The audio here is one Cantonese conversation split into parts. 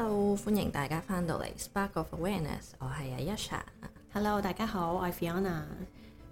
Hello，歡迎大家翻到嚟 Spark of Awareness，我係 Ayasha。Hello，大家好，我係 Fiona。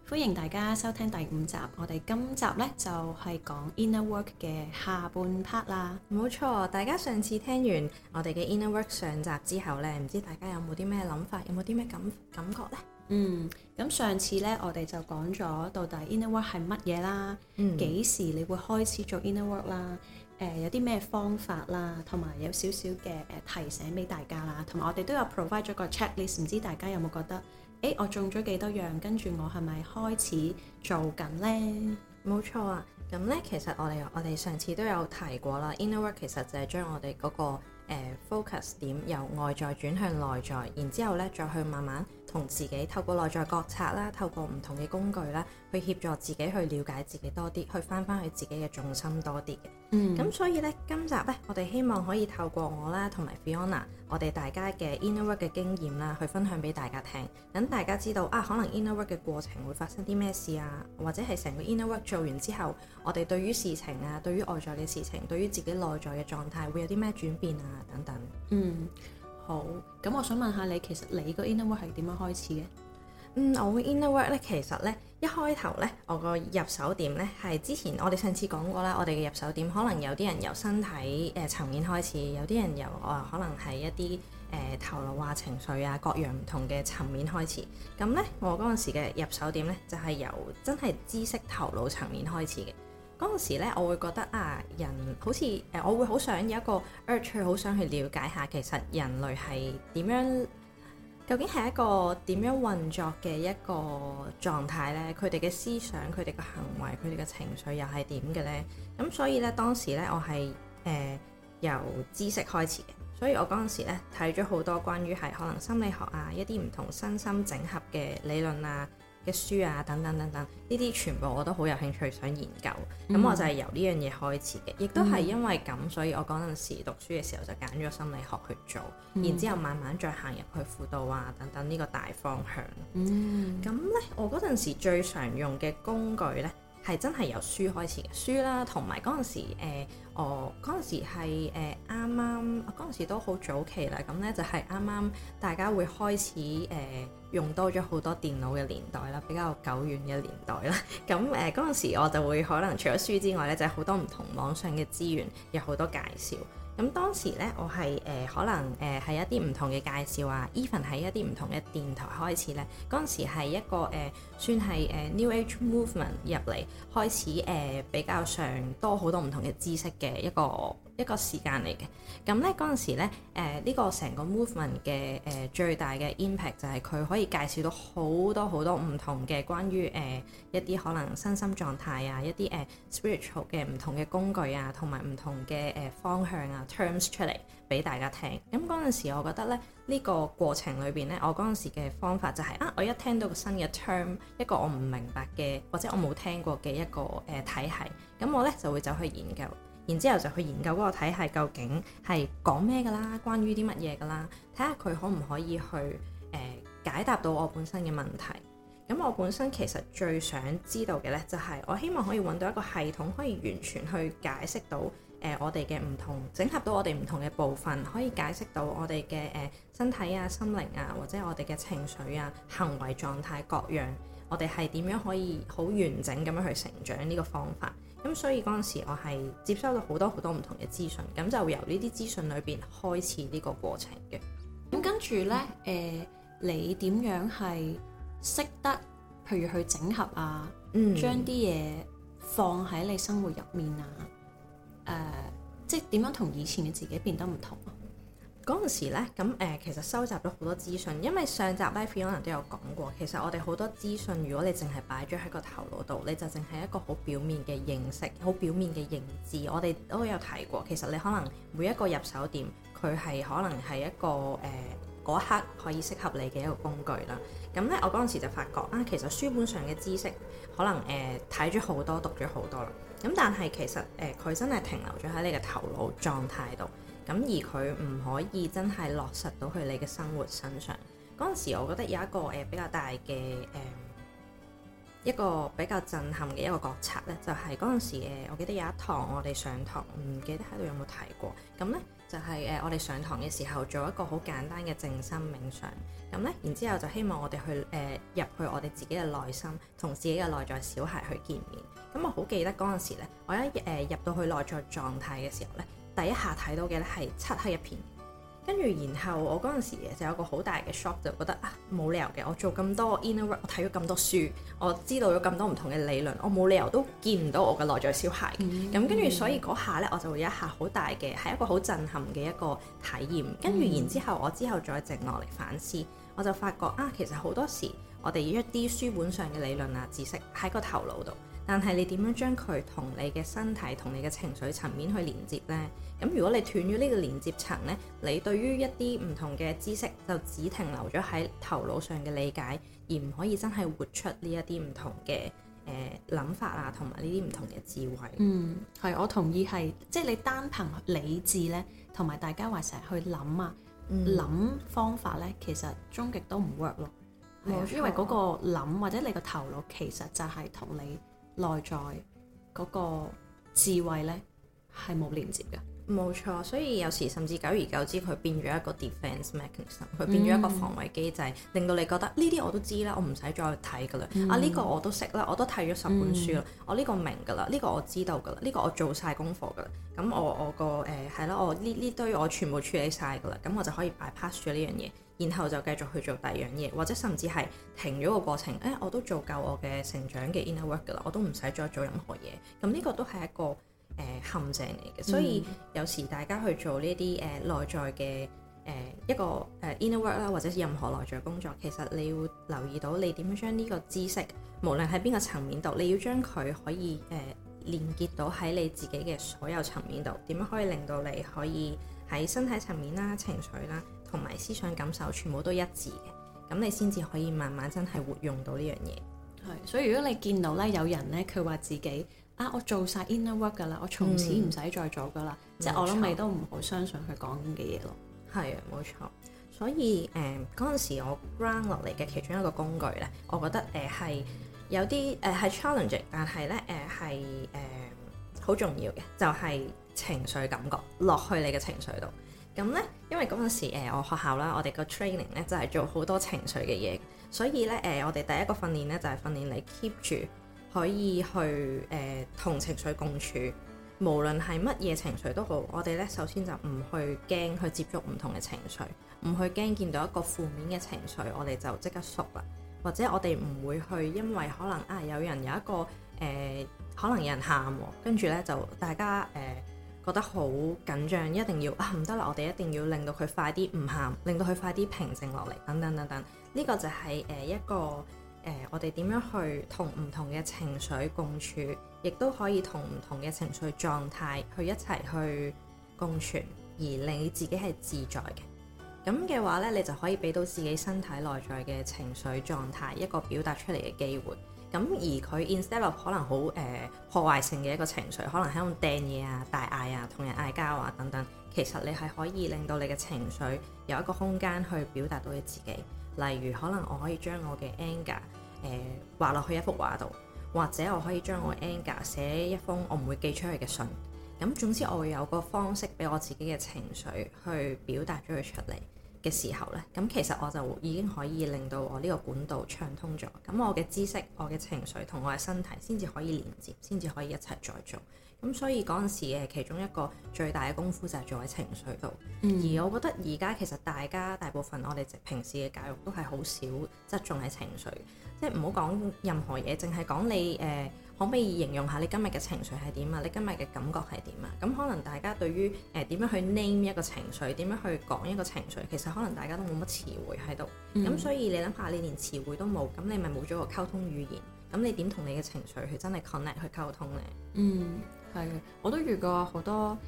歡迎大家收聽第五集，我哋今集咧就係講 Inner Work 嘅下半 part 啦。冇錯，大家上次聽完我哋嘅 Inner Work 上集之後咧，唔知大家有冇啲咩諗法，有冇啲咩感感覺咧？嗯，咁上次咧我哋就講咗到底 Inner Work 係乜嘢啦，嗯、幾時你會開始做 Inner Work 啦？誒、呃、有啲咩方法啦，同埋有少少嘅誒提醒俾大家啦，同埋我哋都有 provide 咗個 checklist，唔知大家有冇覺得？誒、欸、我中咗幾多樣，跟住我係咪開始做緊呢？冇錯啊，咁呢，其實我哋我哋上次都有提過啦，inner work 其實就係將我哋嗰、那個、呃、focus 點由外在轉向內在，然之後呢，再去慢慢。同自己透過內在覺察啦，透過唔同嘅工具啦，去協助自己去了解自己多啲，去返返佢自己嘅重心多啲嘅。嗯。咁所以呢，今集呢，我哋希望可以透過我啦，同埋 Fiona，我哋大家嘅 inner work 嘅經驗啦，去分享俾大家聽，等大家知道啊，可能 inner work 嘅過程會發生啲咩事啊，或者係成個 inner work 做完之後，我哋對於事情啊，對於外在嘅事情，對於自己內在嘅狀態會有啲咩轉變啊，等等。嗯。好咁，我想問下你，其實你個 inner work 係點樣開始嘅？嗯，我 inner work 咧，其實咧一開頭咧，我個入手點咧係之前我哋上次講過啦。我哋嘅入手點可能有啲人由身體誒層、呃、面開始，有啲人由我、呃、可能係一啲誒、呃、頭腦啊、啊、情緒啊各樣唔同嘅層面開始。咁咧，我嗰陣時嘅入手點咧就係、是、由真係知識頭腦層面開始嘅。嗰陣時咧，我會覺得啊，人好似誒、呃，我會好想有一個 urge，好想去了解下，其實人類係點樣？究竟係一個點樣運作嘅一個狀態呢？佢哋嘅思想、佢哋嘅行為、佢哋嘅情緒又係點嘅呢？咁所以呢，當時呢，我係誒由知識開始嘅，所以我嗰陣時咧睇咗好多關於係可能心理學啊、一啲唔同身心整合嘅理論啊，嘅書啊，等等等等，呢啲全部我都好有興趣想研究，咁、嗯、我就係由呢樣嘢開始嘅，亦都係因為咁，所以我嗰陣時讀書嘅時候就揀咗心理學去做，嗯、然之後慢慢再行入去輔導啊，等等呢個大方向。咁咧、嗯，我嗰陣時最常用嘅工具咧，係真係由書開始，書啦，同埋嗰陣時、呃，我嗰陣時係誒啱啱，我嗰陣時都好早期啦，咁咧就係啱啱大家會開始誒、呃、用多咗好多電腦嘅年代啦，比較久遠嘅年代啦，咁誒嗰陣時我就會可能除咗書之外咧，就係、是、好多唔同網上嘅資源，有好多介紹。咁當時咧，我係誒、呃、可能誒係、呃、一啲唔同嘅介紹啊，even 喺一啲唔同嘅電台開始咧，嗰陣時係一個誒、呃、算係誒、呃、New Age Movement 入嚟，開始誒、呃、比較上多好多唔同嘅知識嘅一個一個時間嚟嘅，咁呢嗰陣時咧，呢、呃呢個成個 movement 嘅誒最大嘅 impact 就係佢可以介紹到好多好多唔同嘅關於誒、呃、一啲可能身心狀態啊，一啲誒、呃、spiritual 嘅唔同嘅工具啊，同埋唔同嘅誒方向啊 terms 出嚟俾大家聽。咁嗰陣時，我覺得咧呢、呢個過程裏邊呢，我嗰陣時嘅方法就係、是、啊，我一聽到一個新嘅 term，一個我唔明白嘅或者我冇聽過嘅一個誒、呃、體系，咁我呢就會走去研究。然之後就去研究嗰個體系究竟係講咩㗎啦，關於啲乜嘢㗎啦，睇下佢可唔可以去誒、呃、解答到我本身嘅問題。咁我本身其實最想知道嘅呢，就係、是、我希望可以揾到一個系統，可以完全去解釋到誒、呃、我哋嘅唔同，整合到我哋唔同嘅部分，可以解釋到我哋嘅誒身體啊、心靈啊，或者我哋嘅情緒啊、行為狀態各樣，我哋係點樣可以好完整咁樣去成長呢個方法。咁所以嗰陣時，我係接收到好多好多唔同嘅資訊，咁就由呢啲資訊裏邊開始呢個過程嘅。咁跟住咧，誒、嗯、呃、你點樣係識得，譬如去整合啊，將啲嘢放喺你生活入面啊，誒、呃、即係點樣同以前嘅自己變得唔同啊？嗰陣時咧，咁誒其實收集咗好多資訊，因為上集 live 可能都有講過，其實我哋好多資訊，如果你淨係擺咗喺個頭腦度，你就淨係一個好表面嘅認識，好表面嘅認知。我哋都有提過，其實你可能每一個入手點，佢係可能係一個誒嗰、呃、刻可以適合你嘅一個工具啦。咁咧，我嗰陣時就發覺啊，其實書本上嘅知識可能誒睇咗好多，讀咗好多啦。咁但係其實誒佢、呃、真係停留咗喺你嘅頭腦狀態度。咁而佢唔可以真係落實到去你嘅生活身上。嗰陣時，我覺得有一個誒、呃、比較大嘅誒、呃、一個比較震撼嘅一個覺察，咧，就係嗰陣時、呃、我記得有一堂我哋上堂，唔記得喺度有冇提過。咁咧就係、是、誒、呃、我哋上堂嘅時候做一個好簡單嘅靜心冥想。咁咧然之後就希望我哋去誒入、呃、去我哋自己嘅內心，同自己嘅內在小孩去見面。咁我好記得嗰陣時咧，我一誒入到去內在狀態嘅時候咧。第一下睇到嘅咧係漆黑一片，跟住然後我嗰陣時就有個好大嘅 shop 就覺得啊，冇理由嘅，我做咁多 inner work，我睇咗咁多書，我知道咗咁多唔同嘅理論，我冇理由都見唔到我嘅內在小孩。咁跟住所以嗰下呢，我就有一下好大嘅係一個好震撼嘅一個體驗。跟住然之後、嗯、然後我之後再靜落嚟反思，我就發覺啊，其實好多時我哋一啲書本上嘅理論啊、知識喺個頭腦度。但係你點樣將佢同你嘅身體同你嘅情緒層面去連接呢？咁如果你斷咗呢個連接層呢，你對於一啲唔同嘅知識就只停留咗喺頭腦上嘅理解，而唔可以真係活出呢一啲唔同嘅誒諗法啊，同埋呢啲唔同嘅智慧。嗯，係，我同意係，即係你單憑理智呢，同埋大家話成日去諗啊，諗、嗯、方法呢，其實終極都唔 work 咯，嗯、因為嗰個諗或者你個頭腦其實就係同你。內在嗰個智慧呢係冇連接嘅，冇錯。所以有時甚至久而久之，佢變咗一個 defense mechanism，佢變咗一個防衞機,、嗯、機制，令到你覺得呢啲我都知啦，我唔使再睇噶啦。嗯、啊，呢、呢個我都識啦，我都睇咗十本書啦，嗯、我呢個明噶啦，呢、呢個我知道噶啦，呢、呢個我做晒功課噶啦。咁我我個誒係、呃、啦，我呢呢堆我全部處理晒噶啦，咁我就可以 bypass 咗呢樣嘢。然後就繼續去做第二樣嘢，或者甚至係停咗個過程。誒、哎，我都做夠我嘅成長嘅 inner work 㗎啦，我都唔使再做任何嘢。咁呢個都係一個誒、呃、陷阱嚟嘅。嗯、所以有時大家去做呢啲誒內在嘅誒、呃、一個誒 inner work 啦，或者任何內在工作，其實你會留意到你點樣將呢個知識，無論喺邊個層面度，你要將佢可以誒、呃、連結到喺你自己嘅所有層面度，點樣可以令到你可以喺身體層面啦、情緒啦。同埋思想感受全部都一致嘅，咁你先至可以慢慢真係活用到呢樣嘢。係，所以如果你見到咧有人咧，佢話自己啊，我做晒 inner work 噶啦，我從此唔使再做噶啦，即係我諗你都唔好相信佢講嘅嘢咯。係啊，冇錯。所以誒，嗰、嗯、陣時我 ground 落嚟嘅其中一個工具咧，我覺得誒係、嗯、有啲誒係、嗯、challenging，但係咧誒係誒好重要嘅，就係、是、情緒感覺落去你嘅情緒度。咁咧，因為嗰陣時、呃、我學校啦，我哋個 training 咧就係、是、做好多情緒嘅嘢，所以咧誒、呃，我哋第一個訓練咧就係、是、訓練你 keep 住可以去誒、呃、同情緒共處，無論係乜嘢情緒都好，我哋咧首先就唔去驚去接觸唔同嘅情緒，唔去驚見到一個負面嘅情緒，我哋就即刻縮啦，或者我哋唔會去，因為可能啊、哎、有人有一個誒、呃，可能有人喊、啊，跟住咧就大家誒、呃覺得好緊張，一定要啊唔得啦！我哋一定要令到佢快啲唔喊，令到佢快啲平靜落嚟，等等等等。呢個就係誒一個誒，我哋點樣去同唔同嘅情緒共處，亦都可以同唔同嘅情緒狀態去一齊去共存，而令你自己係自在嘅。咁嘅話呢，你就可以俾到自己身體內在嘅情緒狀態一個表達出嚟嘅機會。咁而佢 instead of 可能好誒破壞性嘅一個情緒，可能喺度掟嘢啊、大嗌啊、同人嗌交啊等等，其實你係可以令到你嘅情緒有一個空間去表達到你自己。例如，可能我可以將我嘅 anger 誒、呃、畫落去一幅畫度，或者我可以將我 anger 寫一封我唔會寄出去嘅信。咁總之，我會有個方式俾我自己嘅情緒去表達咗佢出嚟，嘅時候咧，咁其實我就已經可以令到我呢個管道暢通咗，咁我嘅知識、我嘅情緒同我嘅身體先至可以連接，先至可以一齊再做。咁所以嗰陣時嘅其中一個最大嘅功夫就係做喺情緒度。嗯、而我覺得而家其實大家大部分我哋平時嘅教育都係好少側重喺情緒，即係唔好講任何嘢，淨係講你誒。呃可唔可以形容下你今日嘅情緒係點啊？你今日嘅感覺係點啊？咁可能大家對於誒點、呃、樣去 name 一個情緒，點樣去講一個情緒，其實可能大家都冇乜詞彙喺度。咁、嗯、所以你諗下，你連詞彙都冇，咁你咪冇咗個溝通語言。咁你點同你嘅情緒去真係 connect 去溝通呢？嗯，係。我都遇過好多誒、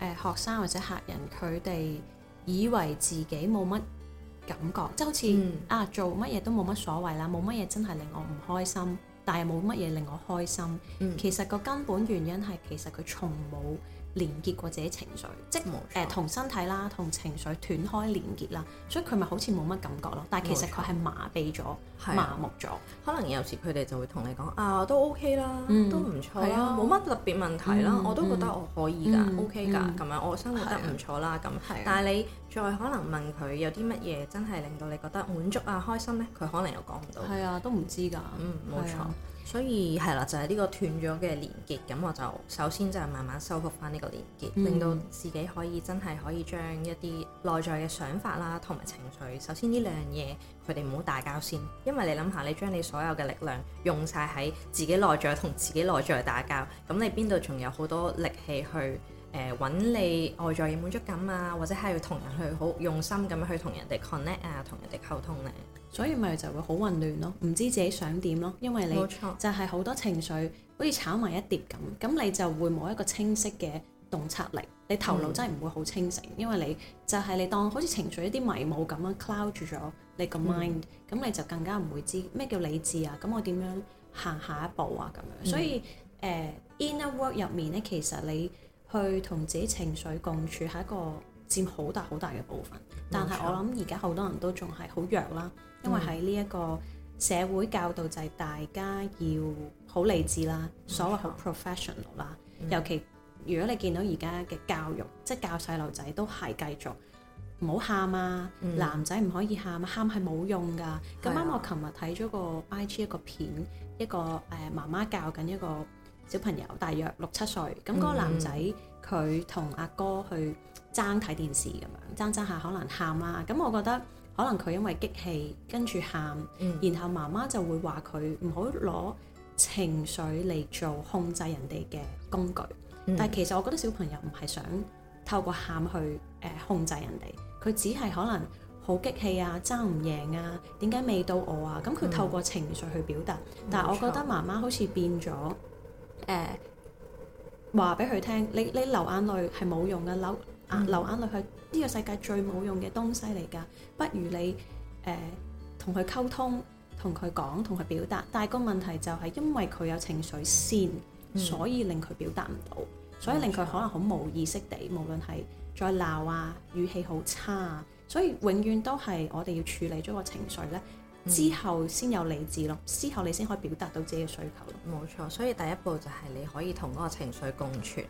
呃、學生或者客人，佢哋以為自己冇乜感覺，即、就、係、是、好似、嗯、啊做乜嘢都冇乜所謂啦，冇乜嘢真係令我唔開心。但係冇乜嘢令我開心，嗯、其實個根本原因係，其實佢從冇連結過自己情緒，即係誒同身體啦，同情緒斷開連結啦，所以佢咪好似冇乜感覺咯。但係其實佢係麻痹咗，麻木咗。可能有時佢哋就會同你講啊，都 OK 啦，都唔錯，冇乜特別問題啦。我都覺得我可以㗎，OK 㗎，咁樣，我生活得唔錯啦。咁，但係你再可能問佢有啲乜嘢真係令到你覺得滿足啊、開心呢？佢可能又講唔到。係啊，都唔知㗎。嗯，冇錯。所以係啦，就係、是、呢個斷咗嘅連結，咁我就首先就係慢慢修復翻呢個連結，嗯、令到自己可以真係可以將一啲內在嘅想法啦，同埋情緒，首先呢兩樣嘢，佢哋唔好打交先，因為你諗下，你將你所有嘅力量用晒喺自己內在同自己內在打交，咁你邊度仲有好多力氣去誒搵、呃、你外在嘅滿足感啊，或者係要同人去好用心咁去同人哋 connect 啊，同人哋溝通呢？所以咪就會好混亂咯，唔知自己想點咯。因為你就係好多情緒冇錯好似炒埋一碟咁，咁你就會冇一個清晰嘅洞察力。你頭腦真係唔會好清醒，嗯、因為你就係你當好似情緒一啲迷霧咁樣 cloud 住咗你個 mind，咁你就更加唔會知咩叫理智啊。咁我點樣行下一步啊？咁樣，嗯、所以誒、呃、inner work 入面咧，其實你去同自己情緒共處係一個佔好大好大嘅部分。但係我諗而家好多人都仲係好弱啦。因為喺呢一個社會教導就係大家要好理智啦，嗯、所謂好 professional 啦。嗯、尤其如果你見到而家嘅教育，嗯、即係教細路仔都係繼續唔好喊啊，嗯、男仔唔可以喊、啊，喊係冇用噶。咁啱、嗯、我琴日睇咗個 IG 一個片，一個誒、呃、媽媽教緊一個小朋友，大約六七歲。咁嗰個男仔佢同阿哥去爭睇電視咁樣，爭爭下可能喊啦、啊。咁我覺得。可能佢因為激氣，跟住喊，嗯、然後媽媽就會話佢唔好攞情緒嚟做控制人哋嘅工具。嗯、但係其實我覺得小朋友唔係想透過喊去誒、呃、控制人哋，佢只係可能好激氣啊、爭唔贏啊、點解未到我啊？咁佢透過情緒去表達，嗯、但係我覺得媽媽好似變咗誒，話俾佢聽，你你流眼淚係冇用嘅，流啊！流眼淚係呢個世界最冇用嘅東西嚟㗎，不如你誒同佢溝通，同佢講，同佢表達。但係個問題就係因為佢有情緒先，嗯、所以令佢表達唔到，冇錯，所以令佢可能好冇意識地，嗯、無論係再鬧啊，語氣好差啊，所以永遠都係我哋要處理咗個情緒呢、嗯、之後先有理智咯，之後你先可以表達到自己嘅需求。冇錯，所以第一步就係你可以同嗰個情緒共存。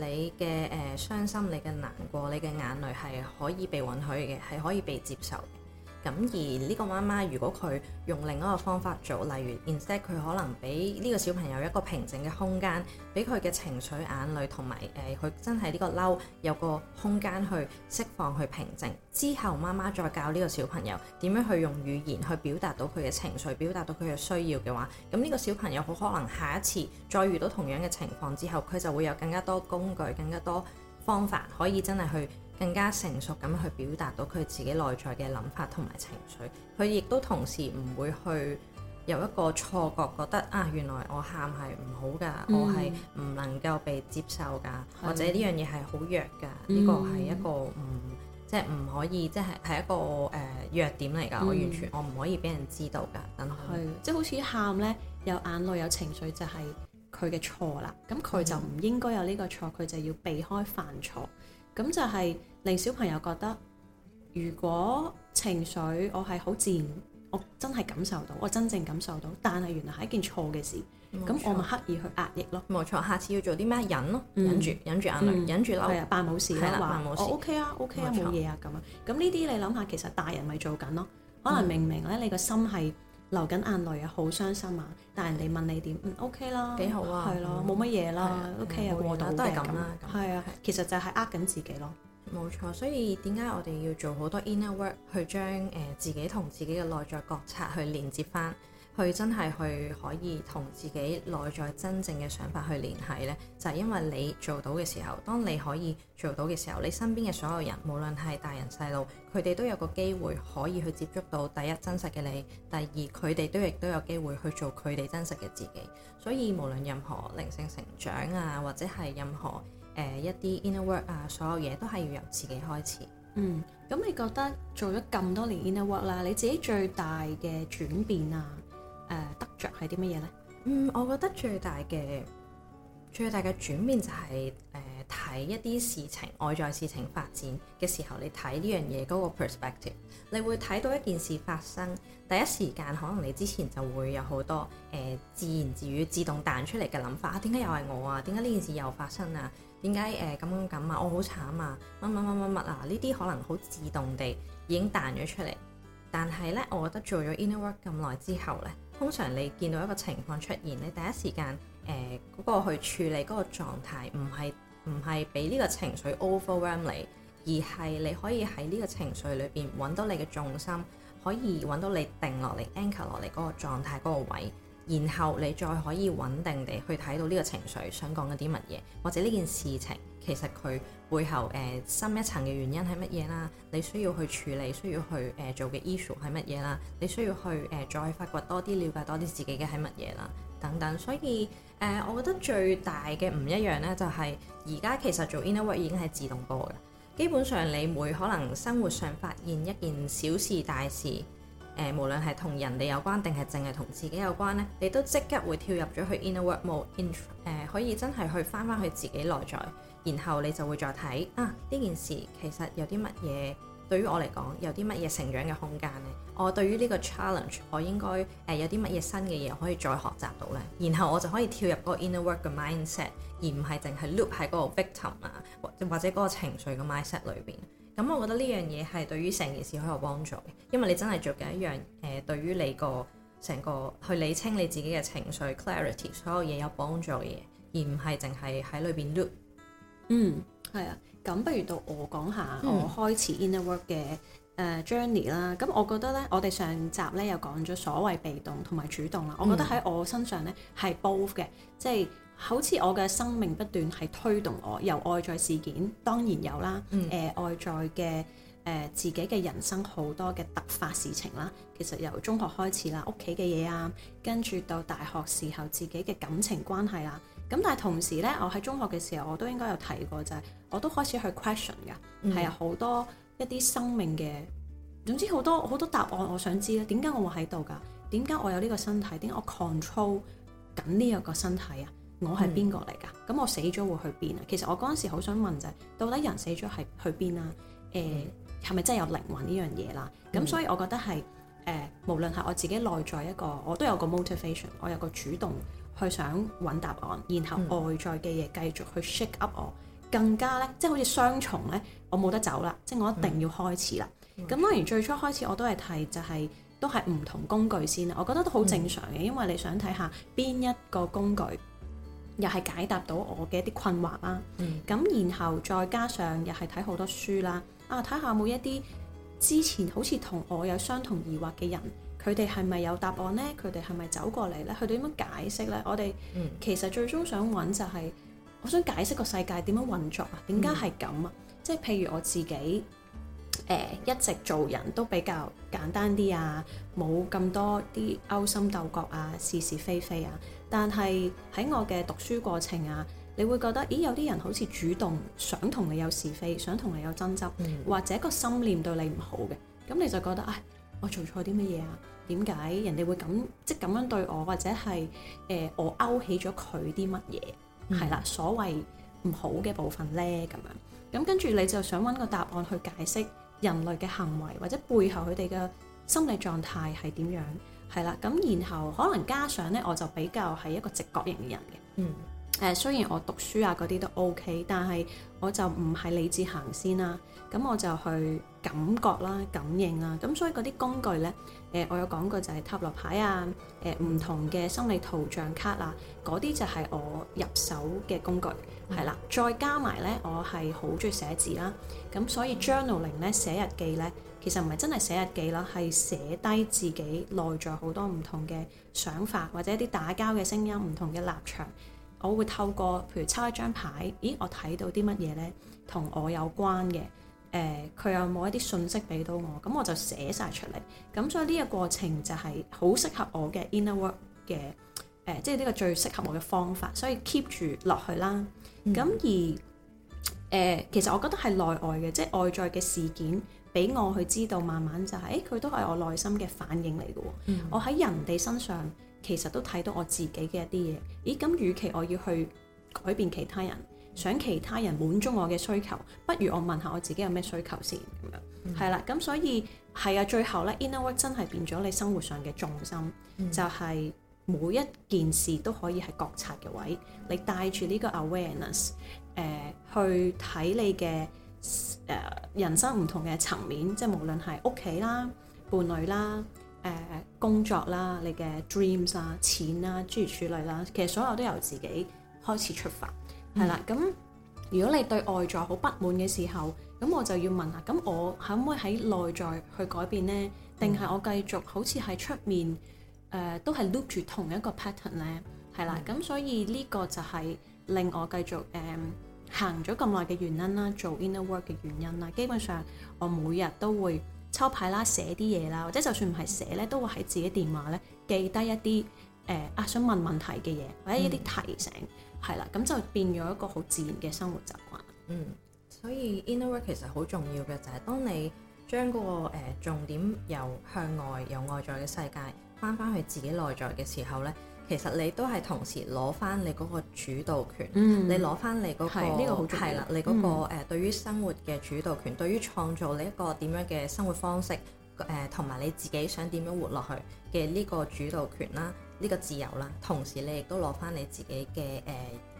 你嘅誒傷心，你嘅難過，你嘅眼淚係可以被允許嘅，係可以被接受嘅。咁而呢個媽媽如果佢用另一個方法做，例如 instead 佢可能俾呢個小朋友一個平靜嘅空間，俾佢嘅情緒、眼淚同埋誒佢真係呢個嬲有個空間去釋放、去平靜之後，媽媽再教呢個小朋友點樣去用語言去表達到佢嘅情緒、表達到佢嘅需要嘅話，咁呢個小朋友好可能下一次再遇到同樣嘅情況之後，佢就會有更加多工具、更加多方法可以真係去，更加成熟咁去表達到佢自己內在嘅諗法同埋情緒，佢亦都同時唔會去有一個錯覺，覺得啊，原來我喊係唔好㗎，嗯、我係唔能夠被接受㗎，係嘅、或者呢樣嘢係好弱㗎，呢、嗯、個係一個唔即係唔可以即係係一個誒、呃、弱點嚟㗎。嗯、我完全我唔可以俾人知道㗎。等係即係好似喊呢，有眼淚有情緒就係佢嘅錯啦。咁佢就唔應該有呢個錯，佢就要避開犯錯。咁就係令小朋友覺得，如果情緒我係好自然，我真係感受到，我真正感受到，但係原來係一件錯嘅事，咁冇錯，我咪刻意去壓抑咯。冇錯，下次要做啲咩忍咯，嗯、忍住，忍住眼淚，嗯、忍住啦，扮冇、嗯啊、事啦，話我 OK 啊，OK 啊，冇嘢冇錯、啊，咁啊，咁呢啲你諗下，其實大人咪做緊咯，可能明明咧你個心係，嗯流緊眼淚啊，好傷心啊！但人哋問你點？嗯，O K 啦，幾、okay、好啊，係咯了，冇乜嘢啦，O K 啊，yeah, okay、了過渡都係咁啦，係啊樣，了其實就係呃緊自己咯，冇錯。所以點解我哋要做好多 inner work 去將誒自己同自己嘅內在覺察去連接返？佢真係去可以同自己內在真正嘅想法去聯繫呢，就係因為你做到嘅時候，當你可以做到嘅時候，你身邊嘅所有人，無論係大人細路，佢哋都有個機會可以去接觸到第一真實嘅你，第二佢哋都亦都有機會去做佢哋真實嘅自己。所以無論任何靈性成長啊，或者係任何誒一啲 inner work 啊，所有嘢都係要由自己開始。嗯，咁你覺得做咗咁多年 inner work 啦，你自己最大嘅轉變啊？誒、uh, 得着係啲乜嘢呢？嗯，我覺得最大嘅最大嘅轉變就係誒睇一啲事情，外在事情發展嘅時候，你睇呢樣嘢嗰個 perspective，你會睇到一件事發生第一時間，可能你之前就會有好多誒、呃、自言自語自動彈出嚟嘅諗法啊，點解又係我啊？點解呢件事又發生啊？點解誒咁樣咁啊？我好慘啊！乜乜乜乜乜啊？呢啲可能好自動地已經彈咗出嚟，但係呢，我覺得做咗 inner work 咁耐之後呢。通常你見到一個情況出現，你第一時間誒嗰、呃嗰個去處理嗰個狀態，唔係唔係俾呢個情緒 overwhelm 你，而係你可以喺呢個情緒裏邊揾到你嘅重心，可以揾到你定落嚟 anchor 落嚟嗰個狀態嗰個位，然後你再可以穩定地去睇到呢個情緒想講嗰啲乜嘢，或者呢件事情。其實佢背後誒、呃、深一層嘅原因係乜嘢啦？你需要去處理，需要去誒、呃、做嘅 issue 係乜嘢啦？你需要去誒、呃、再發掘多啲，了解多啲自己嘅係乜嘢啦？等等，所以誒、呃，我覺得最大嘅唔一樣咧，就係而家其實做 inner work 已經係自動播嘅。基本上你會可能生活上發現一件小事、大事誒、呃，無論係同人哋有關定係淨係同自己有關咧，你都即刻會跳入咗去 inner work mode，誒、呃、可以真係去返返去自己內在。然後你就會再睇啊，呢件事其實有啲乜嘢，對於我嚟講有啲乜嘢成長嘅空間呢？我對於呢個 challenge，我應該誒、呃、有啲乜嘢新嘅嘢可以再學習到呢？然後我就可以跳入嗰個 inner work 嘅 mindset，而唔係淨係 loop 喺嗰個 victim 啊，或或者嗰個情緒嘅 mindset 裏邊。咁、嗯、我覺得呢樣嘢係對於成件事好有幫助嘅，因為你真係做緊一樣誒、呃，對於你個成個去理清你自己嘅情緒 clarity，所有嘢有幫助嘅嘢，而唔係淨係喺裏邊 loop。嗯，係啊，咁不如到我講下我開始 inner work 嘅誒 journey 啦。咁我覺得咧，我哋上集咧又講咗所謂被動同埋主動啦。嗯、我覺得喺我身上咧係 both 嘅，即、就、係、是、好似我嘅生命不斷係推動我，由外在事件當然有啦，誒外、嗯呃、在嘅誒、呃、自己嘅人生好多嘅突發事情啦。其實由中學開始啦，屋企嘅嘢啊，跟住到大學時候自己嘅感情關係啦、啊。咁但係同時咧，我喺中學嘅時候我都應該有提過、就係，就係我都開始去 question 㗎，係啊好多一啲生命嘅，總之好多好多答案我想知咧，點解我會喺度㗎？點解我有呢個身體？點解我 control 緊呢一個身體啊？我係邊個嚟㗎？咁、嗯、我死咗會去邊啊？其實我嗰陣時好想問就係、係，到底人死咗係去邊啊？誒係咪真係有靈魂呢樣嘢啦？咁、嗯、所以我覺得係誒、呃，無論係我自己內在一個，我都有個 motivation，我有個主動。去想揾答案，然後外在嘅嘢繼續去 shake up 我，更加咧，即係好似雙重咧，我冇得走啦，嗯、即係我一定要開始啦。咁、嗯、當然最初開始我提、就係、都係睇就係都係唔同工具先，我覺得都好正常嘅，嗯、因為你想睇下邊一個工具又係解答到我嘅一啲困惑啦。咁、嗯、然後再加上又係睇好多書啦，啊睇下冇一啲之前好似同我有相同疑惑嘅人。佢哋係咪有答案呢？佢哋係咪走過嚟呢？佢哋點樣解釋呢？我哋其實最終想揾就係，我想解釋個世界點樣運作，啊，點解係咁啊？嗯、即係譬如我自己，呃，一直做人都比較簡單啲啊，冇咁多啲勾心鬥角啊、是是非非啊。但係喺我嘅讀書過程啊，你會覺得咦？有啲人好似主動想同你有是非，想同你有爭執，嗯、或者個心念對你唔好嘅，咁你就覺得誒、哎，我做錯啲乜嘢啊？點解人哋會咁，即咁樣對我，或者係誒、呃、我勾起咗佢啲乜嘢？係啦、嗯，所謂唔好嘅部分咧，咁樣咁，跟住你就想搵個答案去解釋人類嘅行為，或者背後佢哋嘅心理狀態係點樣？係啦，咁然後、嗯、可能加上咧，我就比較係一個直覺型嘅人嘅。嗯，誒雖然我讀書啊嗰啲都 OK，但係我就唔係理智行先啦、啊。咁我就去感覺啦、感應啦。咁所以嗰啲工具呢，誒、呃，我有講過就係塔羅牌啊，誒、呃，唔同嘅心理圖像卡啊，嗰啲就係我入手嘅工具，係啦。再加埋呢，我係好中意寫字啦，咁所以 journaling 呢，寫日記呢，其實唔係真係寫日記啦，係寫低自己內在好多唔同嘅想法，或者一啲打交嘅聲音、唔同嘅立場，我會透過譬如抽一張牌，咦，我睇到啲乜嘢呢？同我有關嘅。誒佢、呃、有冇一啲信息俾到我，咁我就寫晒出嚟。咁所以呢個過程就係好適合我嘅 inner work 嘅誒，即係呢個最適合我嘅方法，所以 keep 住落去啦。咁、嗯、而誒、呃，其實我覺得係內外嘅，即、就、係、是、外在嘅事件俾我去知道，慢慢就係、是、誒，佢都係我內心嘅反應嚟嘅。嗯、我喺人哋身上其實都睇到我自己嘅一啲嘢。咦，咁與其我要去改變其他人，想其他人滿足我嘅需求，不如我問下我自己有咩需求先，咁樣係啦。咁、嗯、所以係啊，最後咧 inner work 真係變咗你生活上嘅重心，嗯、就係每一件事都可以係覺察嘅位。你帶住呢個 awareness，誒、呃、去睇你嘅誒、呃、人生唔同嘅層面，即係無論係屋企啦、伴侶啦、誒、呃、工作啦、呃、你嘅 dreams 啊、錢啊、諸如此類啦，其實所有都由自己開始出發。係啦，咁、嗯、如果你對外在好不滿嘅時候，咁我就要問下，咁我可唔可以喺內在去改變呢？定係我繼續好似喺出面誒、呃、都係 look 住同一個 pattern 呢？係啦、嗯，咁、嗯、所以呢個就係令我繼續誒、呃、行咗咁耐嘅原因啦，做 inner work 嘅原因啦。基本上我每日都會抽牌啦，寫啲嘢啦，或者就算唔係寫呢，都會喺自己電話呢記低一啲誒啊想問問題嘅嘢，或者一啲提醒。嗯。係啦，咁就變咗一個好自然嘅生活習慣。嗯，所以 inner work 其實好重要嘅就係、係，當你將嗰、嗰個、呃、重點由向外由外在嘅世界翻翻去自己內在嘅時候咧，其實你都係同時攞翻你嗰個主導權。嗯、你攞翻你嗰個係啦、呢個，你嗰、嗰個誒、嗯呃、對於生活嘅主導權，嗯、對於創造你一個點樣嘅生活方式。誒同埋你自己想點樣活落去嘅呢個主導權啦，呢個自由啦，同時你亦都攞翻你自己嘅誒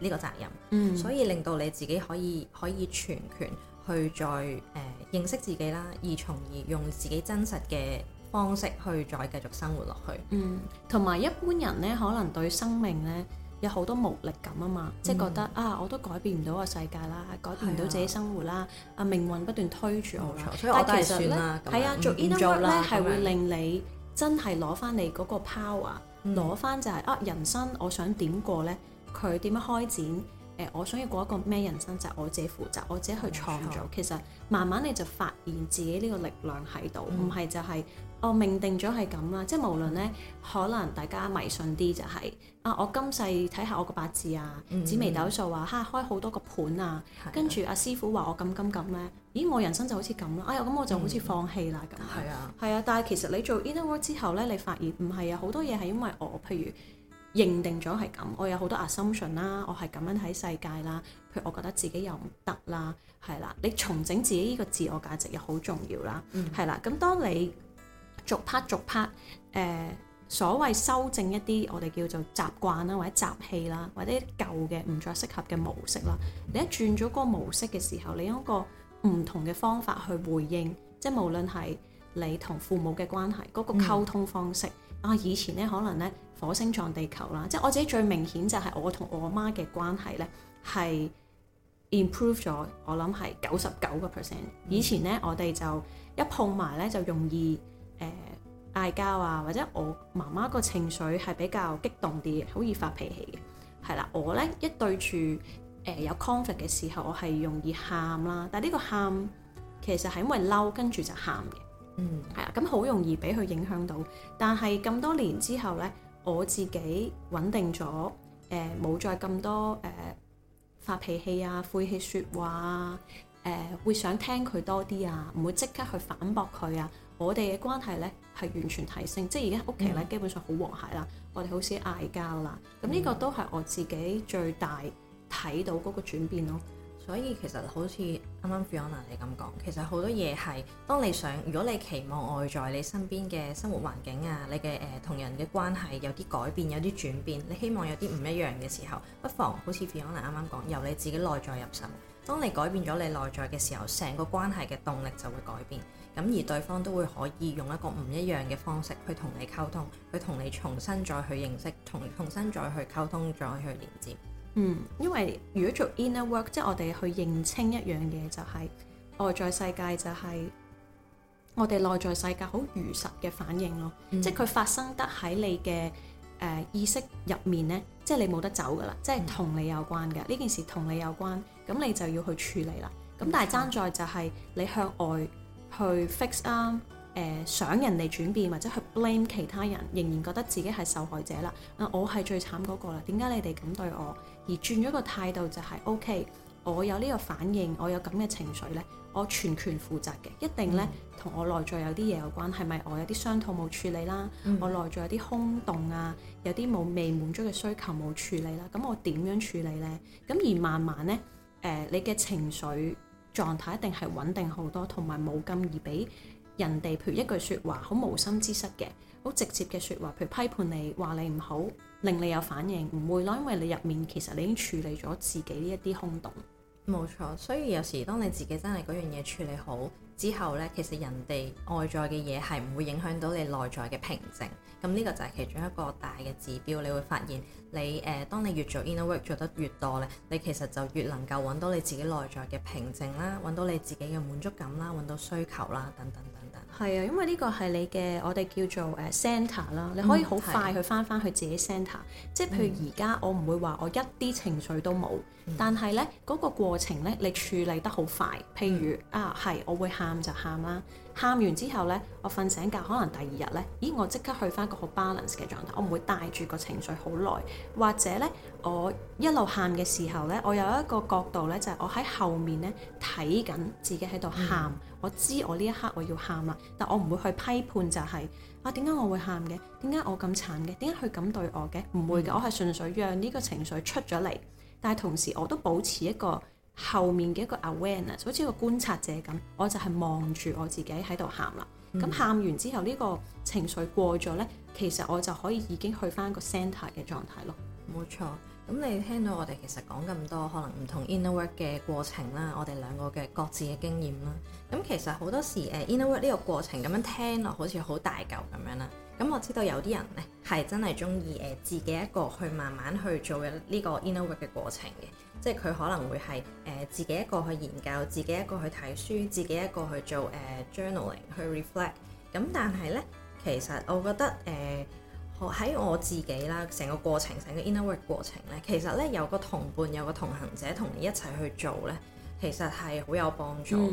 呢個責任，嗯、所以令到你自己可以可以全權去再誒、呃、認識自己啦，而從而用自己真實嘅方式去再繼續生活落去。嗯，同埋一般人咧，可能對生命咧。有好多無力感啊嘛，即係覺得、嗯、啊，我都改變唔到個世界啦，改變唔到自己生活啦，啊命運不斷推住我啦，所以我都算啦。係啊，做 inner work 咧係會令你真係攞翻你嗰個 power，攞翻、嗯、就係、是、啊，人生我想點過呢？佢點樣開展？誒、呃，我想要過一個咩人生就係、我自己負責，我自己去創造。冇錯，其實慢慢你就發現自己呢個力量喺度，唔係、嗯嗯、就係、是。我、oh, 命定咗係咁啊！即係無論呢，可能大家迷信啲就係、是、啊！我今世睇下我個八字啊、mm hmm. 紫微斗數啊，哈、啊、開好多個盤啊，跟住阿師傅話我咁咁咁呢，咦我人生就好似咁啦！哎呀咁我就好似放棄啦咁。係、mm hmm. 啊，係啊，啊，但係其實你做 inner、e、work 之後呢，你發現唔係啊，好多嘢係因為我，譬如認定咗係咁，我有好多 assumption 啦，我係咁樣睇世界啦，譬如我覺得自己又唔得啦，係啦、啊，你重整自己呢個自我價值又好重要啦，係啦、mm，咁、hmm. 啊、當你。逐 part 逐 part，誒所謂修正一啲我哋叫做習慣啦，或者習氣啦，或者舊嘅唔再適合嘅模式啦。你一轉咗嗰個模式嘅時候，你用個唔同嘅方法去回應，即係無論係你同父母嘅關係嗰、那個溝通方式、嗯、啊。以前咧可能咧火星撞地球啦，即係我自己最明顯就係我同我媽嘅關係咧係 improve 咗。我諗係九十九個 percent。以前咧我哋就一碰埋咧就容易，誒嗌交啊，或者我媽媽個情緒係比較激動啲，好易發脾氣嘅係啦。我咧一對住誒、呃、有 conflict 嘅時候，我係容易喊啦。但呢個喊其實係因為嬲，跟住就喊嘅。嗯，係啦，咁好容易俾佢影響到。但係咁多年之後咧，我自己穩定咗，誒、呃、冇再咁多誒、呃、發脾氣啊、晦氣説話啊，誒、呃、會想聽佢多啲啊，唔會即刻去反駁佢啊。我哋嘅關係咧係完全提升，即係而家屋企咧基本上好和諧啦，我哋好少嗌交啦。咁呢、嗯、個都係我自己最大睇到嗰個轉變咯。所以其實好似啱啱 Fiona 你咁講，其實好多嘢係，當你想如果你期望外在你身邊嘅生活環境啊，你嘅誒同人嘅關係有啲改變，有啲轉變，你希望有啲唔一樣嘅時候，不妨好似 Fiona 啱啱講，由你自己內在入手。當你改變咗你內在嘅時候，成個關係嘅動力就會改變。咁而對方都會可以用一個唔一樣嘅方式去同你溝通，去同你重新再去認識，同重新再去溝通，再去連接。嗯，因為如果做 inner work，即係我哋去認清一樣嘢，就係，外就係內在世界就係我哋內在世界好如實嘅反應咯。嗯、即係佢發生得喺你嘅誒、呃、意識入面呢，即係你冇得走噶啦，即係同你有關嘅呢、嗯、件事同你有關，咁你就要去處理啦。咁、嗯、但係爭在就係你向外。去 fix 啊、呃，誒想人哋轉變或者去 blame 其他人，仍然覺得自己係受害者啦。啊，我係最慘嗰、那個啦。點解你哋咁對我？而轉咗個態度就係、是、OK，我有呢個反應，我有咁嘅情緒呢，我全權負責嘅，一定呢，同我內在有啲嘢有關。係咪我有啲傷痛冇處理啦？嗯、我內在有啲空洞啊，有啲冇未滿足嘅需求冇處理啦。咁我點樣處理呢？咁而慢慢呢，誒、呃、你嘅情緒。狀態一定係穩定好多，同埋冇咁易俾人哋，譬如一句説話好無心之失嘅，好直接嘅説話，譬如批判你話你唔好，令你有反應唔會咯，因為你入面其實你已經處理咗自己呢一啲空洞。冇錯，所以有時當你自己真係嗰樣嘢處理好之後呢，其實人哋外在嘅嘢係唔會影響到你內在嘅平靜。咁呢個就係其中一個大嘅指標，你會發現。你誒、呃、當你越做 inner work 做得越多咧，你其實就越能夠揾到你自己內在嘅平靜啦，揾到你自己嘅滿足感啦，揾到需求啦，等等等。係啊，因為呢個係你嘅，我哋叫做誒 centre 啦。嗯、你可以好快去翻翻去自己 centre 即係譬如而家我唔會話我一啲情緒都冇，嗯、但係呢嗰、嗰個過程呢，你處理得好快。譬如、嗯、啊，係我會喊就喊啦，喊完之後呢，我瞓醒覺，可能第二日呢，咦，我即刻去翻個好 balance 嘅狀態。我唔會帶住個情緒好耐，或者呢，我一路喊嘅時候呢，我有一個角度呢，就係、係、我喺後面呢，睇緊自己喺度喊。嗯我知我呢一刻我要喊啦，但我唔會去批判就係、是、啊，點解我會喊嘅？點解我咁慘嘅？點解佢咁對我嘅？唔會嘅。嗯、我係純粹讓呢個情緒出咗嚟，但係同時我都保持一個後面嘅一個 awareness，好似一個觀察者咁，我就係望住我自己喺度喊啦。咁喊、嗯、完之後，呢、這個情緒過咗呢，其實我就可以已經去翻個 center 嘅狀態咯。冇錯。咁你聽到我哋其實講咁多，可能唔同 inner work 嘅過程啦，我哋兩個嘅各自嘅經驗啦。咁其實好多時誒、啊、inner work 呢個過程咁樣聽落好似好大嚿咁樣啦。咁我知道有啲人呢係真係中意誒自己一個去慢慢去做呢個 inner work 嘅過程嘅，即係佢可能會係誒、啊、自己一個去研究，自己一個去睇書，自己一個去做誒、啊、journaling 去 reflect。咁但係呢，其實我覺得誒、啊喺我自己啦，成個過程，成個 inner work 過程咧，其實咧有個同伴，有個同行者同你一齊去做咧，其實係好有幫助。係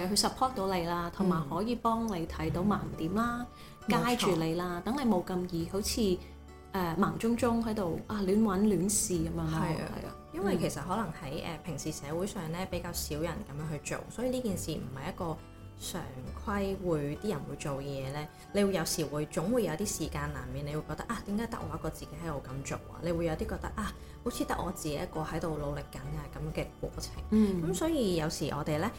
啊、嗯，佢 support 到你啦，同埋、嗯、可以幫你睇到盲點啦，齋住、嗯、你啦，等錯你冇咁易，好似誒、呃、盲舂舂喺度啊亂搵亂試咁啊。係啊係啊，因為其實可能喺誒平時社會上咧比較少人咁樣去做，所以呢件事唔係一個常規會啲人會做嘅嘢呢，你會有時會總會有啲時間難免，你會覺得啊，點解得我一個自己喺度咁做啊？你會有啲覺得啊，好似得我自己一個喺度努力緊啊咁嘅過程。咁、嗯、所以有時我哋呢，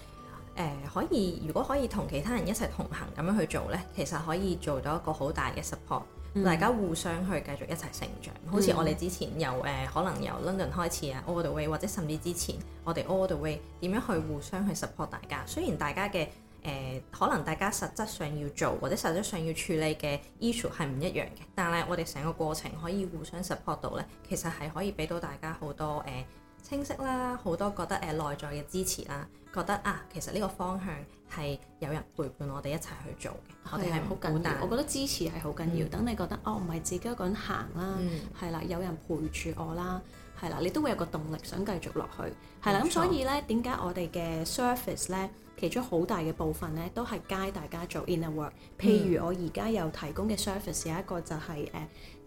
誒、呃、可以，如果可以同其他人一齊同行咁樣去做呢，其實可以做到一個好大嘅 support，大家互相去繼續一齊成長。嗯、好似我哋之前有誒、呃、可能由 London 開始啊，All the Way，或者甚至之前我哋 All the Way 點樣去互相去 support 大家，雖然大家嘅，誒、呃，可能大家實質上要做或者實質上要處理嘅 issue 係唔一樣嘅，但係我哋成個過程可以互相 support 到咧，其實係可以俾到大家好多誒、呃、清晰啦，好多覺得誒、呃、內在嘅支持啦，覺得啊，其實呢個方向係有人陪伴我哋一齊去做嘅，的我哋係好緊要。我覺得支持係好緊要。等、嗯、你覺得哦，唔係自己一個人行啦，係啦、嗯，有人陪住我啦，係啦，你都會有個動力想繼續落去，係啦沒錯。咁所以咧，點解我哋嘅 surface 咧？其中好大嘅部分咧，都係教大家做 inner work。譬如我而家有提供嘅 service 有一個就係誒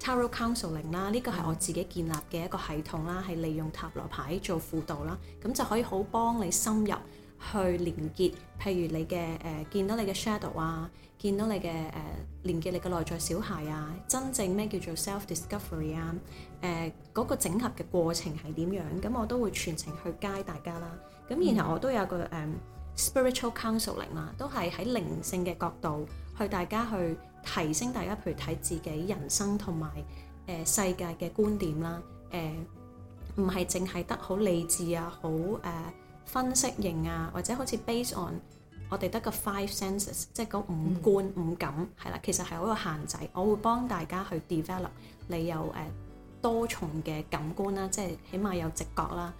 tarot counselling 啦，呢、uh，個係我自己建立嘅一個系統啦，係利用塔羅牌做輔導啦，咁就可以好幫你深入去連結，譬如你嘅誒見到你嘅 shadow 啊，見到你嘅誒、呃、連結你嘅內在小孩啊，真正咩叫做 self discovery 啊，誒嗰、呃那個整合嘅過程係點樣？咁我都會全程去教大家啦。咁然後我都有個誒。Um, spiritual counselling 嘛，都係喺靈性嘅角度，去大家去提升大家，譬如睇自己人生同埋誒世界嘅觀點啦。誒、呃，唔係淨係得好理智啊，好誒、呃、分析型啊，或者好似 based on 我哋得個 five senses，即係嗰五官、mm hmm. 五感，係啦，其實係有限制。我會幫大家去 develop 你有誒多重嘅感官啦，即係起碼有直覺啦。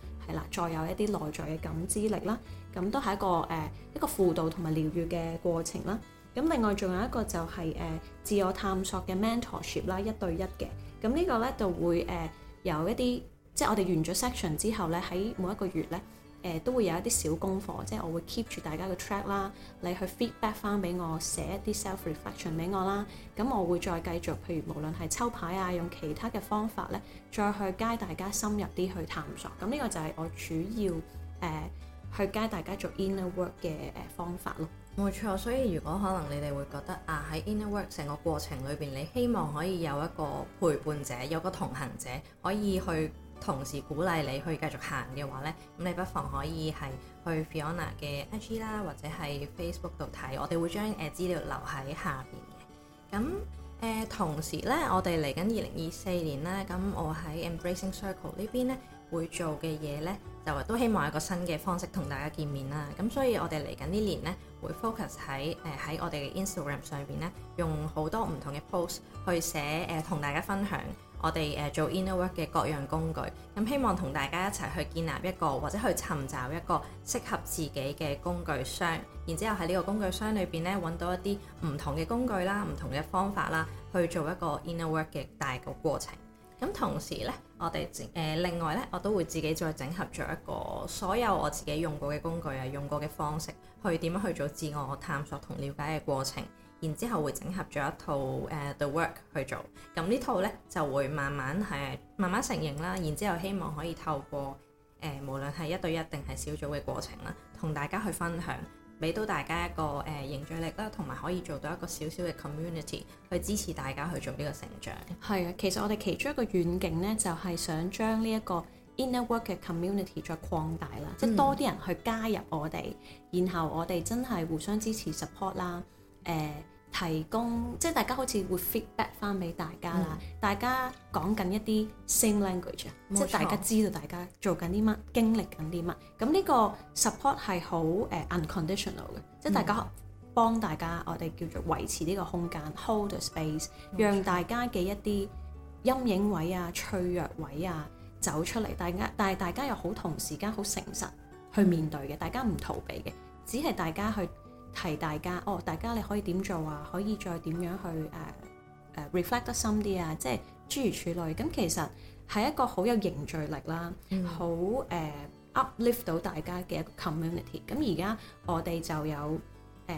再有一啲內在嘅感知力啦，咁都係一個誒、呃、一個輔導同埋療愈嘅過程啦。咁另外仲有一個就係、是、誒、呃、自我探索嘅 mentorship 啦，一對一嘅。咁呢個咧就會誒有、呃、一啲即係我哋完咗 section 之後咧，喺每一個月咧。誒、呃、都會有一啲小功課，即係我會 keep 住大家嘅 track 啦，你去 feedback 翻俾我，寫一啲 self reflection 俾我啦，咁我會再繼續，譬如無論係抽牌啊，用其他嘅方法咧，再去教大家深入啲去探索。咁呢個就係我主要誒、呃、去教大家做 inner work 嘅誒方法咯。冇錯，所以如果可能，你哋會覺得啊，喺 inner work 成個過程裏邊，你希望可以有一個陪伴者，有個同行者，可以去。同時鼓勵你去繼續行嘅話呢，咁你不妨可以係去 Fiona 嘅 IG 啦，或者係 Facebook 度睇，我哋會將誒資料留喺下邊嘅。咁誒、呃、同時呢，我哋嚟緊二零二四年啦。咁我喺 Embracing Circle 呢邊呢，會做嘅嘢呢，就都希望有個新嘅方式同大家見面啦。咁所以我哋嚟緊呢年呢，會 focus 喺誒喺、呃、我哋嘅 Instagram 上邊呢，用好多唔同嘅 post 去寫誒同大家分享。我哋誒做 inner work 嘅各樣工具，咁希望同大家一齊去建立一個，或者去尋找一個適合自己嘅工具箱，然之後喺呢個工具箱裏邊咧揾到一啲唔同嘅工具啦、唔同嘅方法啦，去做一個 inner work 嘅大個過程。咁同時咧，我哋誒、呃、另外咧，我都會自己再整合咗一個所有我自己用過嘅工具啊、用過嘅方式，去點樣去做自我探索同了解嘅過程。然之後會整合咗一套誒、uh, The Work 去做，咁呢套呢，就會慢慢係慢慢成型啦。然之後希望可以透過誒、呃、無論係一對一定係小組嘅過程啦，同大家去分享，俾到大家一個誒、呃、凝聚力啦，同埋可以做到一個少少嘅 community 去支持大家去做呢個成長。係啊，其實我哋其中一個遠景呢，就係、是、想將呢一個 inner work 嘅 community 再擴大啦，嗯、即多啲人去加入我哋，然後我哋真係互相支持 support 啦、呃，誒。提供即係大家好似會 feedback 翻俾大家啦，嗯、大家講緊一啲 same language 即係大家知道大家做緊啲乜，經歷緊啲乜。咁呢個 support 係好誒 unconditional 嘅，嗯、即係大家幫大家，我哋叫做維持呢個空間，hold the space，錯讓大家嘅一啲陰影位啊、脆弱位啊走出嚟。大家，但係大家又好同時間好誠實去面對嘅，嗯、大家唔逃避嘅，只係大家去。提大家哦，大家你可以點做啊？可以再點樣去誒誒、uh, uh, reflect 得深啲啊？即係諸如此類，咁，其實係一個好有凝聚力啦，好誒 uplift 到大家嘅一個 community。咁而家我哋就有誒，uh,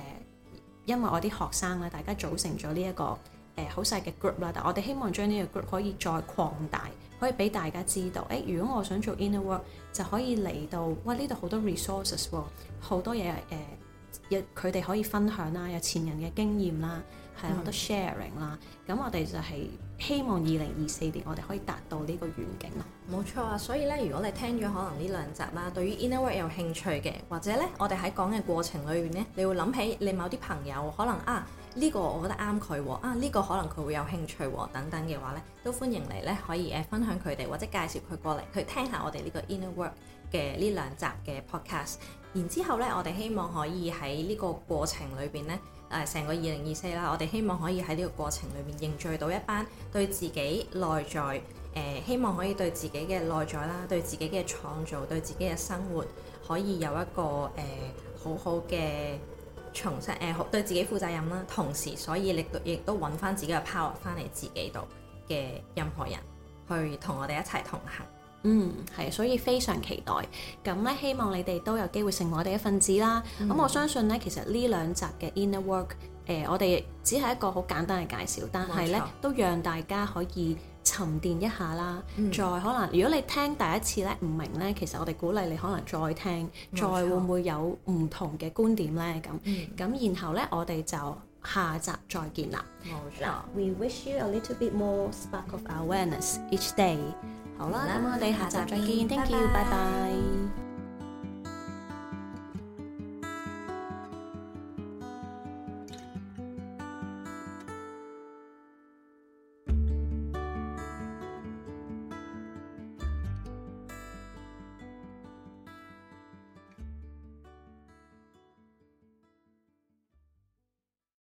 因為我啲學生啦，大家組成咗呢一個誒好細嘅 group 啦。但我哋希望將呢個 group 可以再擴大，可以俾大家知道誒、哎、如果我想做 inner work，就可以嚟到哇！呢度好多 resources，好多嘢誒。Uh, 有佢哋可以分享啦，有前人嘅經驗啦，係好多 sharing 啦。咁、嗯、我哋就係希望二零二四年我哋可以達到呢個願景咯。冇錯啊，所以咧，如果你聽咗可能呢兩集啦，對於 inner work 有興趣嘅，或者咧，我哋喺講嘅過程裏邊咧，你會諗起你某啲朋友可能啊呢、呢個我覺得啱佢喎，啊呢、呢個可能佢會有興趣喎，等等嘅話咧，都歡迎你咧可以誒分享佢哋或者介紹佢過嚟去聽下我哋呢個 inner work 嘅呢兩集嘅 podcast。然之後咧，我哋希望可以喺呢個過程裏邊咧，誒、呃、成個二零二四啦，我哋希望可以喺呢個過程裏面凝聚到一班對自己內在誒、呃，希望可以對自己嘅內在啦、呃，對自己嘅創造，對自己嘅生活，可以有一個誒、呃、好好嘅重新誒，好、呃、對自己負責任啦。同時，所以你亦都揾翻自己嘅 power 翻嚟自己度嘅任何人，去同我哋一齊同行。嗯，係，所以非常期待。咁、嗯、咧，希望你哋都有機會成為我哋一份子啦。咁、嗯、我相信咧，其實呢兩集嘅 Inner Work，誒、呃，我哋只係一個好簡單嘅介紹，但係咧冇錯都讓大家可以沉澱一下啦。嗯、再可能，如果你聽第一次咧唔明咧，其實我哋鼓勵你可能再聽，再會唔會有唔同嘅觀點咧？咁咁冇錯，然後咧我哋就下集再見啦。好嘅，We wish you a little bit more spark of awareness each day. 好啦，咁了我哋下集再見，thank you，拜拜。